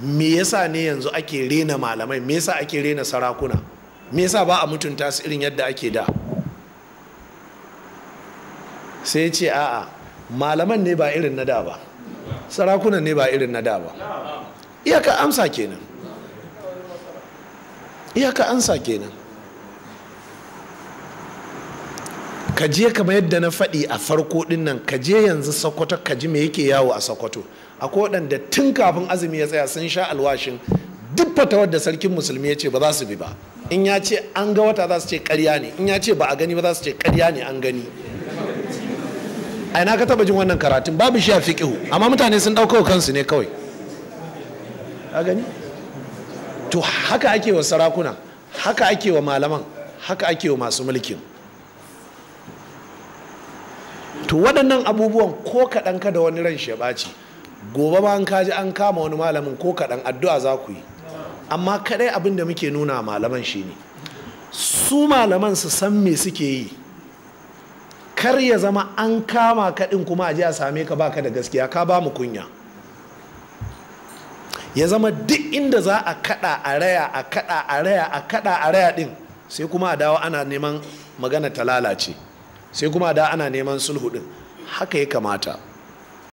me yasa ne yanzu ake rena malamai me yasa ake rena sarakuna me yasa ba a mutunta su irin yadda ake da sai ce a'a malaman ne ba irin na da ba sarakunan ne ba irin na da ba iyaka amsa kenan iyaka amsa kenan ka je kamar yadda na faɗi a farko ɗin nan ka je yanzu sokoto ka ji me yake yawo a sokoto akwai waɗanda tun kafin azumi ya tsaya sun sha alwashin duk fata wadda sarkin musulmi ya ce ba za su bi ba in ya ce an ga wata za su ce karya ne in ya ce ba a gani ba za su ce karya ne an gani a ina ka taba jin wannan karatun babu shi a fiƙihu amma mutane sun ɗauka kansu ne kawai a gani to haka ake wa sarakuna haka ake wa malaman haka ake wa masu mulkin to waɗannan abubuwan ko kaɗan ka da wani ran shi ɓaci gobe ma an kaji an kama wani malamin ko kaɗan addu'a za ku yi amma kaɗai abin da muke nuna malaman shi ne su malaman su san me suke yi kar ya zama an kama kaɗin kuma a je a same ka baka da gaskiya ka ba mu kunya ya zama duk inda za a kaɗa a raya a kaɗa a raya a kaɗa a raya ɗin sai kuma a dawo ana neman magana ta lalace sai kuma da ana neman sulhu din haka ya kamata